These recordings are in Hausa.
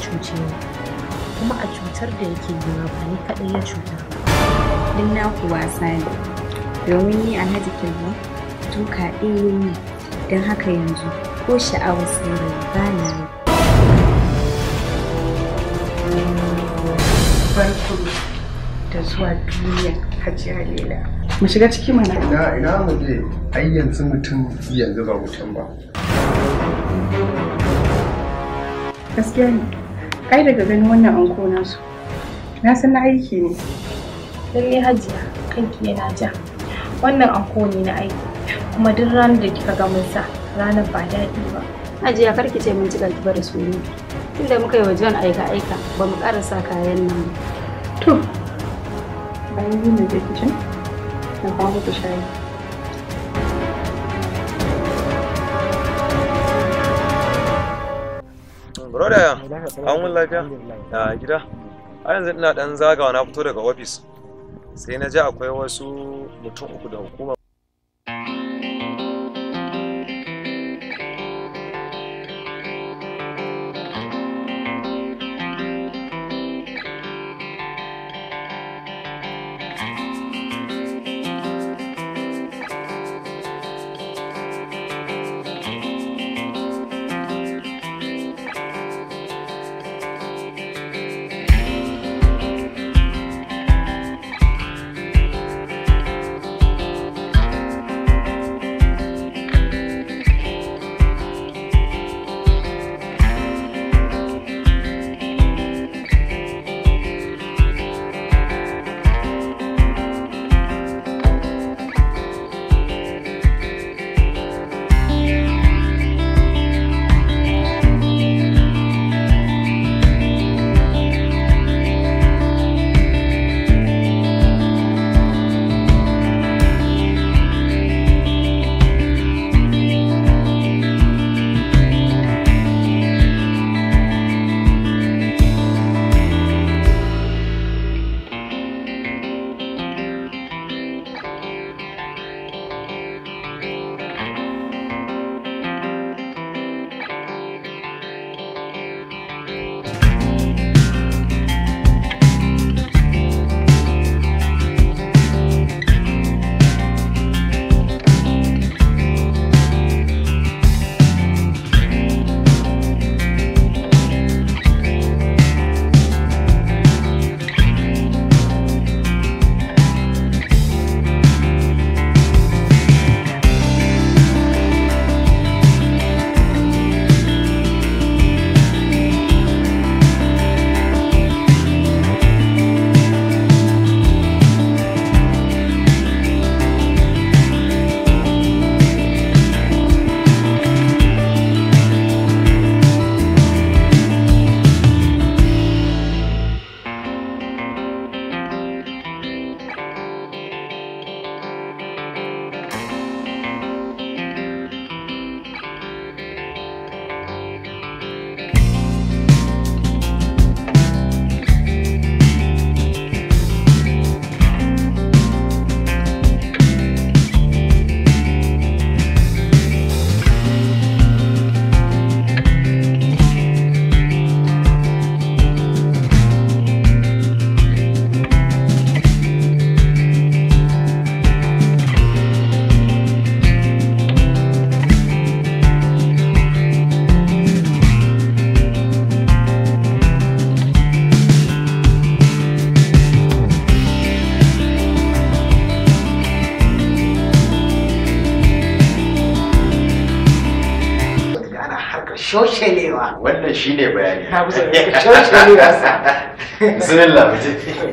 cuce ni kuma a cutar da yake gina ba ni kaɗai ya cuta din na kuwa sani domin ni alhaji kirwa duka ɗaya ne don haka yanzu ko sha'awar sirri ba na yi da zuwa duniya hajiya lela mu shiga ciki mana ina ina mu je ai yanzu mutum yanzu ba mutum ba gaskiya ne ai daga ganin wannan kona su. na san na aiki ne lalle hajiya kanki yana ja wannan anko ne na aiki kuma duk ranar da kika ga mun sa ranar ba daɗi ba hajiya ki ce mun cika ki da sunu tunda muka yi wajen aika aika ba mu ƙara sa kayan nan to bayan mai da kicin na fara ku shayi Rodaya, an wun lafiya? A gida. A yanzu ina dan zagawa na fito daga ofis. Sai na ji akwai wasu mutum uku da hukuma wannan shine bayani. Na kusa da kusa. Bismillah.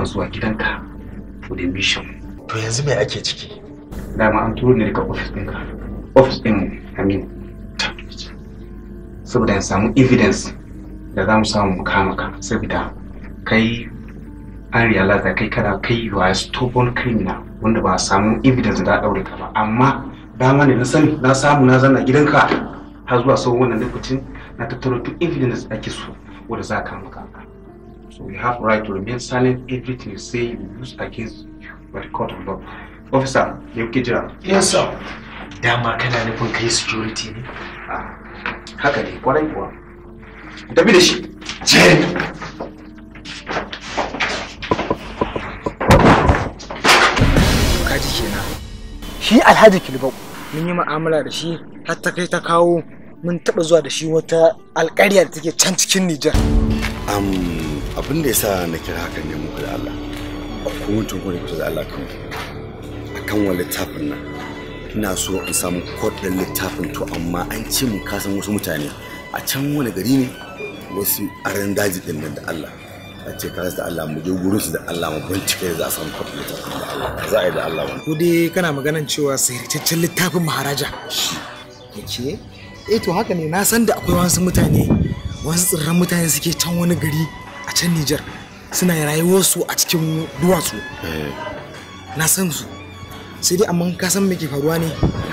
kama zuwa gidanka to da mission to yanzu me ake ciki dama an turo ne daga office ɗinka office ɗin amin saboda in samu evidence da za mu samu mu kama ka saboda kai an realize kai kana kai you are stubborn criminal wanda ba samu evidence da daure ka ba amma dama ne na sani na samu na zanna gidanka har zuwa sau wannan lokacin na tattaro duk evidence da ake so wanda za ka ka So you have right to remain silent. Everything you say is use against you by the court of law. Officer, you okay, jira? Yes, sir. Dama kana nufin kai security ne? Ah, haka ne, you? kuwa. are da shi. Je! alhaji kenan shi alhaji kilbau mun yi mu'amala da shi har ta kai ta kawo mun taba zuwa da shi wata alƙarya da take can cikin Nijar. abin da ya sa na kira hakan ne muku da Allah a mutum ko da kusa da Allah kan akan wani littafin nan ina so in samu kod littafin to amma an ce mu kasan wasu mutane a can wani gari ne wasu aran daji ɗin nan da Allah a ce kasa da Allah mu je gurin su da Allah mu bincike da za a samu kod littafin da Allah za a yi da Allah wani. ko dai kana maganan cewa sirritaccen littafin maharaja. shi ya ce eh to haka ne na san da akwai wasu mutane wasu tsirran mutane suke can wani gari a can Nijar suna rayuwarsu a cikin duwatsu eh. na san su sai dai amma ka san me ke faruwa ne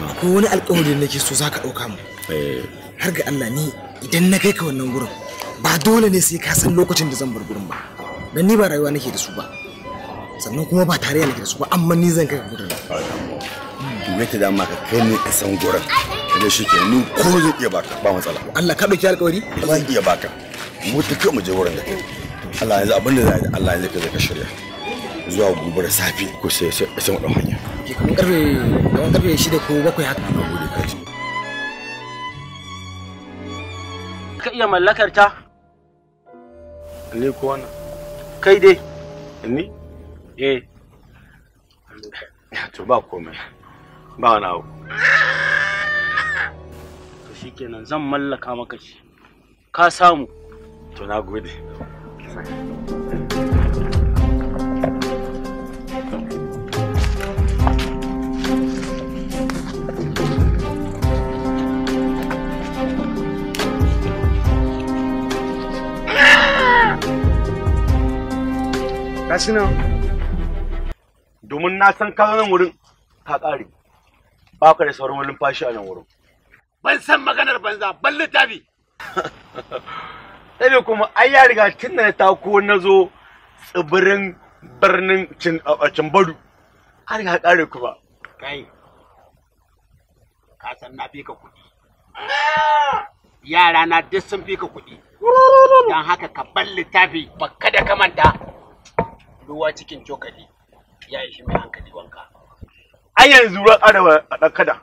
akwai wani alƙawari da nake so za ka ɗauka mu eh. har ga Allah ni idan na kai ka wannan gurin ba dole ne sai ka san lokacin da zan bar gurin ba dan ni ba rayuwa nake da su ba sannan kuma ba tare nake da su ba amma ni zan kai ka gurin me ta dama ka kai ni ka san gurin da shi ke ni ko zai iya baka ba matsala Allah ka ɗauki alƙawari ba zan iya baka mu ta kai mu je wurin da kai Allah yanzu abin da za yi Allah yanzu ka zai shirya zuwa gobe da safi ko sai sai sai mu dau hanya ke kuma karfe kamar karfe 6 ko 7 haka ka gode ka ji ka iya mallakar ta ni ko wannan kai dai ni eh to ba komai ba wani abu to shikenan zan mallaka maka shi ka samu to na gode gashi nan domin na san ka nan wurin ka ƙare ba ka da sauran wani fashi a nan wurin ban san maganar banza ban littafi Sabi kuma ai ya riga tun da na tako na zo tsibirin birnin badu. Har ga kare kuma. Kai, ka san na fi ka kuɗi. Yara na duk sun fi ka kuɗi. Don haka ka bar littafi ba kada ka manta. Ruwa cikin cokali ya ishi mai hankali wanka. Ai yanzu ruwa ƙarawa a ɗan kada.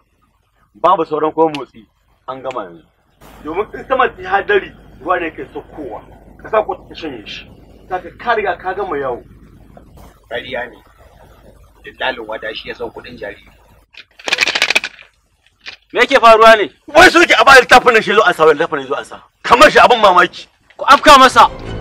Babu sauran ko motsi an gama yanzu. Domin in sama ta ruwa ne ke saukowa ka sa ko ta shanye shi ta ka ka ka gama yawo ƙarya ne dillalin wada shi ya sau kuɗin jariri me yake faruwa ne wai soke a ba littafin na shi zo a sa littafin zo a sa kamar shi abin mamaki ku afka masa